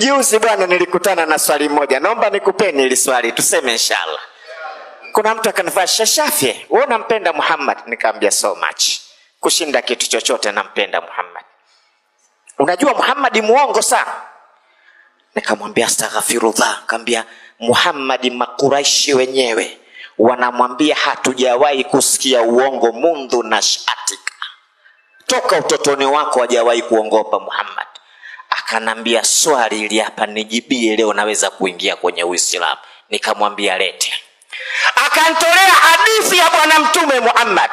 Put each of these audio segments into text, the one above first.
Juzi bwana, nilikutana na swali moja, naomba nikupeni hili swali, tuseme inshallah. Kuna mtu akanifaa shashafye, wewe unampenda Muhammad? Nikamwambia so much, kushinda kitu chochote nampenda Muhammad. Unajua Muhammad muongo sana. Nikamwambia astaghfirullah, nikamwambia Muhammad, makuraishi wenyewe wanamwambia hatujawahi kusikia uongo mundhu na shatika, toka utotoni wako hajawahi kuongopa Muhammad akanambia swali ili hapa nijibie, leo naweza kuingia kwenye Uislamu. Nikamwambia lete, akantolea hadithi ya Bwana Mtume Muhammad.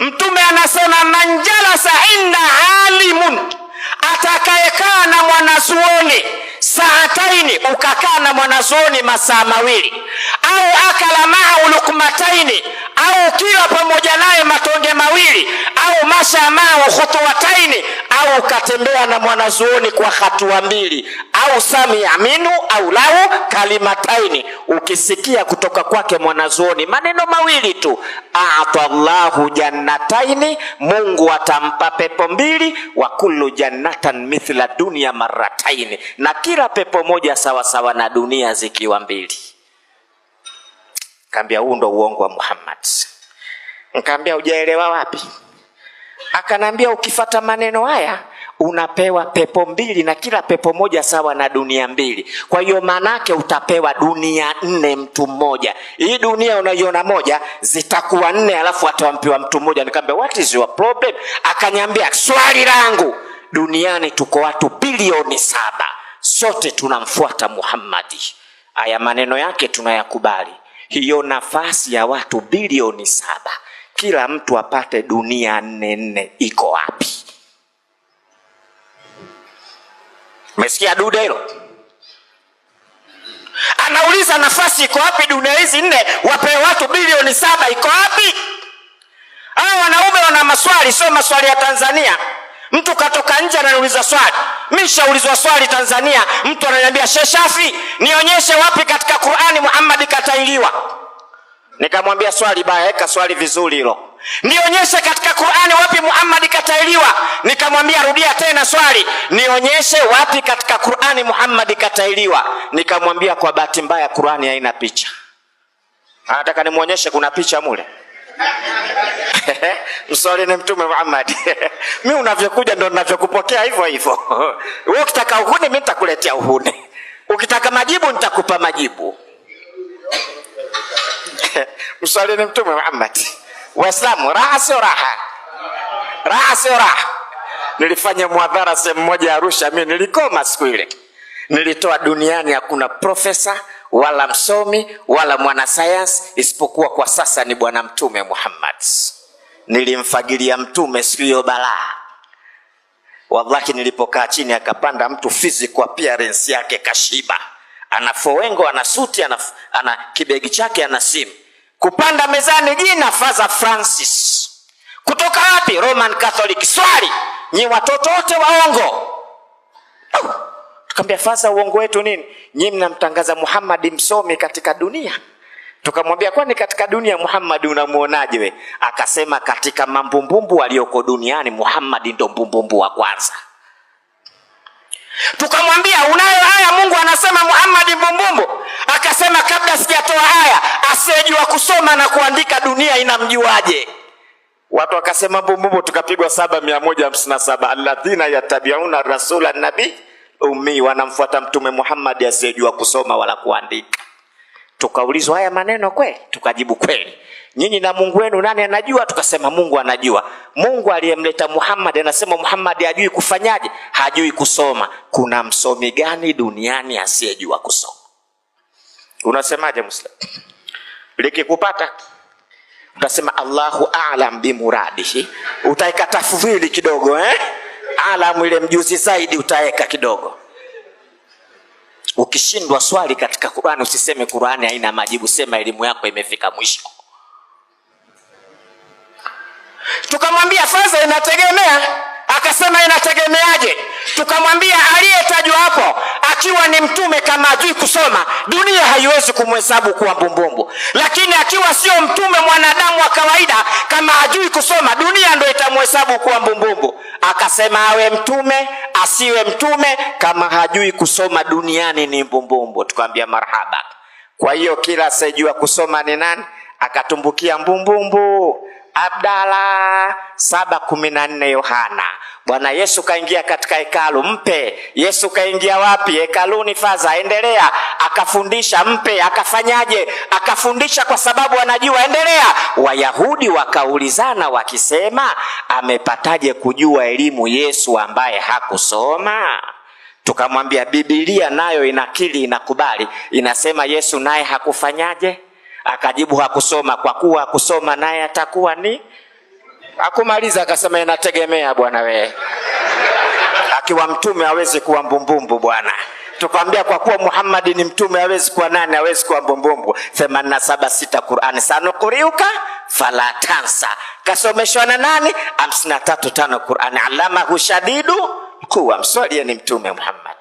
Mtume anasema manjalasa inda alimun, atakayekaa na mwanazuoni saataini, ukakaa na mwanazuoni masaa mawili, au akala maa lukmataini, au kila pamoja naye matonge mawili, au masha maa khutuwataini, au ukatembea na mwanazuoni kwa hatua mbili, au samia minhu au lau kalimataini, ukisikia kutoka kwake mwanazuoni maneno mawili tu, ata llahu jannataini, Mungu atampa pepo mbili, wa kullu jannatan mithla dunia marataini, na kila pepo moja sawasawa sawa na dunia zikiwa mbili. Kaambia huu ndo uongo wa Muhammad. Nkaambia ujaelewa wapi? akanaambia ukifata maneno haya unapewa pepo mbili na kila pepo moja sawa na dunia mbili. Kwa hiyo maanake utapewa dunia nne mtu mmoja. Hii dunia unaiona moja, zitakuwa nne, alafu atampewa mtu mmoja. Nikamwambia, what is your problem? Akanyambia swali langu, duniani tuko watu bilioni saba, sote tunamfuata Muhammadi. aya maneno yake tunayakubali, hiyo nafasi ya watu bilioni saba, kila mtu apate dunia nne nne, iko wapi? mesikia dude hilo? Anauliza nafasi iko wapi? Dunia hizi nne wapewe watu bilioni saba, iko wapi? Hao wanaume wana maswali, sio maswali ya Tanzania. Mtu katoka nje ananiuliza swali, mi shaulizwa swali Tanzania, mtu ananiambia sheshafi nionyeshe wapi katika Qur'ani Muhammad katailiwa. Nikamwambia swali baya, weka swali vizuri hilo. Nionyeshe katika Qur'ani wapi Muhammad katailiwa Nikamwambia rudia tena swali, nionyeshe wapi katika Qur'ani Muhammad katailiwa Nikamwambia kwa bahati mbaya Qur'ani haina picha. Anataka nimuonyeshe kuna picha mule mswali ni Mtume Muhammad. mi unavyokuja ndo ninavyokupokea hivyo hivyo. Wewe ukitaka uhuni mimi nitakuletea uhuni, ukitaka majibu nitakupa majibu. mswali ni Mtume Muhammad. Waislamu, raha sio raha, raha sio raha. Nilifanya mwadhara sehemu moja Arusha, mimi nilikoma siku ile. Nilitoa duniani hakuna profesa wala msomi wala mwanasayansi isipokuwa kwa sasa ni Bwana Mtume Muhammad. Nilimfagilia Mtume siku hiyo balaa, wallahi. Nilipokaa chini, akapanda mtu fizi kwa appearance yake kashiba, ana fowengo, ana suti, ana, ana kibegi chake, ana simu Kupanda mezani jina Father Francis. Kutoka wapi? Roman Catholic. Swali, nyi watoto wote waongo. Oh, tukamwambia Father, uongo wetu nini? Nyi mnamtangaza Muhammad msomi katika dunia. Tukamwambia kwani katika dunia Muhammad unamuonaje we? Akasema katika mambumbumbu walioko duniani Muhammad ndo mbumbumbu wa kwanza. Tukamwambia unayo haya, Mungu anasema Muhammad mbumbumbu. Akasema kabla sijatoa haya asiyejua kusoma na kuandika dunia inamjuaje? Watu wakasema mbumbumu, tukapigwa saba mia moja hamsini na saba alladhina yatabiuna rasula nabi umi, wanamfuata Mtume Muhammadi asiyejua kusoma wala kuandika. Tukaulizwa haya maneno kweli? Tukajibu kweli. Nyinyi na Mungu wenu nani anajua? Tukasema Mungu anajua. Mungu aliyemleta Muhammad anasema Muhammad hajui kufanyaje, hajui kusoma. Kuna msomi gani duniani asiyejua kusoma? Unasemaje Muislamu? likikupata utasema Allahu a'lam bimuradihi, utaweka tafdhili kidogo eh? Alamu ile mjuzi zaidi utaweka kidogo. Ukishindwa swali katika Qur'ani usiseme Qur'ani haina majibu, sema elimu yako imefika mwisho. Tukamwambia fadha inategemea, akasema inategemeaje? Tukamwambia aliyetajwa hapo akiwa ni mtume kama ajui kusoma, dunia haiwezi kumhesabu kuwa mbumbumbu, lakini akiwa sio mtume, mwanadamu wa kawaida, kama ajui kusoma, dunia ndio itamhesabu kuwa mbumbumbu. Akasema awe mtume asiwe mtume, kama hajui kusoma, duniani ni mbumbumbu. Tukamwambia marhaba. Kwa hiyo kila asiyejua kusoma ni nani? Akatumbukia mbumbumbu. Abdala saba kumi na nne Yohana Bwana Yesu kaingia katika hekalu, mpe. Yesu kaingia wapi? Hekaluni. Faza, endelea. Akafundisha, mpe. Akafanyaje? Akafundisha kwa sababu anajua, endelea. Wayahudi wakaulizana wakisema, amepataje kujua elimu Yesu ambaye hakusoma? Tukamwambia Biblia nayo inakili, inakubali, inasema Yesu naye hakufanyaje? Akajibu, hakusoma. Kwa kuwa hakusoma, naye atakuwa ni Akumaliza akasema inategemea bwana we Akiwa mtume hawezi kuwa mbumbumbu bwana. Tukwambia kwa kuwa Muhammad ni mtume hawezi kuwa nani, hawezi kuwa mbumbumbu. 876 Qur'an sano kuriuka fala tansa. Kasomeshwa na nani? 535 Qur'an alama hushadidu kuwa mswalie ni mtume Muhammad.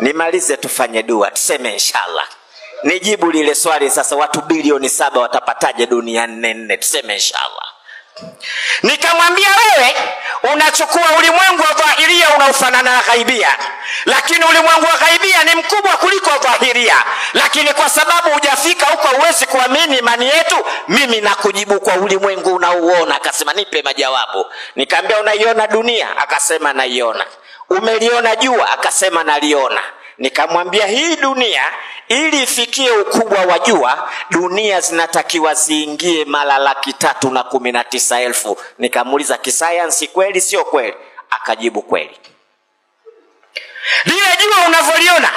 Nimalize tufanye dua tuseme inshallah. Nijibu lile swali sasa, watu bilioni saba watapataje dunia nne nne? Tuseme inshallah. Nikamwambia wewe unachukua ulimwengu wa dhahiria unaofanana na ghaibia, lakini ulimwengu wa ghaibia ni mkubwa kuliko dhahiria, lakini kwa sababu hujafika huko huwezi kuamini imani yetu. Mimi nakujibu kwa ulimwengu unaouona. Akasema nipe majawabu. Nikaambia unaiona dunia? Akasema naiona. Umeliona jua? Akasema naliona. Nikamwambia hii dunia ili ifikie ukubwa wa jua, dunia zinatakiwa ziingie mara laki tatu na kumi na tisa elfu. Nikamuuliza kisayansi, kweli sio kweli? Akajibu kweli. Lile jua unavyoliona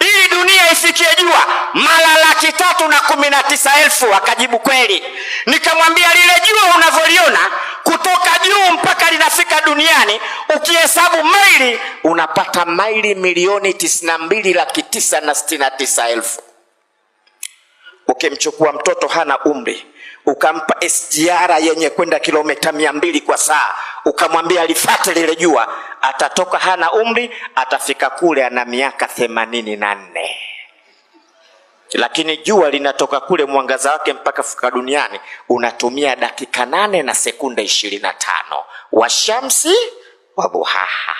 ili dunia ifikie jua mara laki tatu na kumi na tisa elfu. Akajibu kweli. Nikamwambia lile jua unavyoliona kutoka juu mpaka linafika duniani, ukihesabu maili unapata maili milioni tisini na mbili laki tisa na sitini na tisa elfu. Ukimchukua mtoto hana umri ukampa SGR yenye kwenda kilomita mia mbili kwa saa, ukamwambia lifate lile jua, atatoka hana umri, atafika kule ana miaka themanini na nne lakini jua linatoka kule mwangaza wake mpaka fika duniani unatumia dakika nane na sekunde ishirini na tano wa shamsi wa buhaha.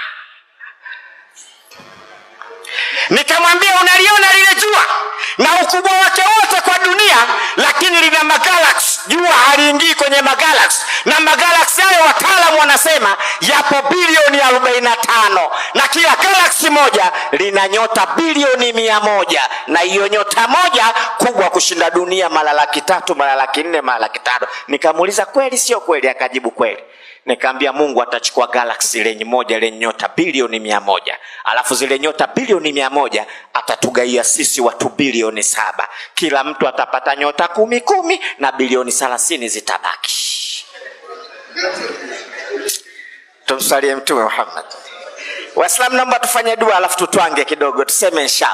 Nikamwambia, unaliona lile jua na ukubwa wake wote kwa dunia, lakini lina magalaksi jua haliingii kwenye magalaksi, na magalaksi hayo wataalamu wanasema yapo bilioni 45 na kila galaksi moja lina nyota bilioni mia moja na hiyo nyota moja kubwa kushinda dunia mara laki tatu mara laki nne mara laki tano. Nikamuuliza, kweli sio kweli? Akajibu kweli. Nikaambia Mungu atachukua galaxy lenye moja lenye nyota bilioni mia moja alafu zile nyota bilioni mia moja atatugaia sisi watu bilioni saba, kila mtu atapata nyota kumi kumi na bilioni thelathini zitabaki. Tumsalie Mtume Muhammad. Waislamu, naomba tufanye dua alafu tutwange kidogo, tuseme inshallah.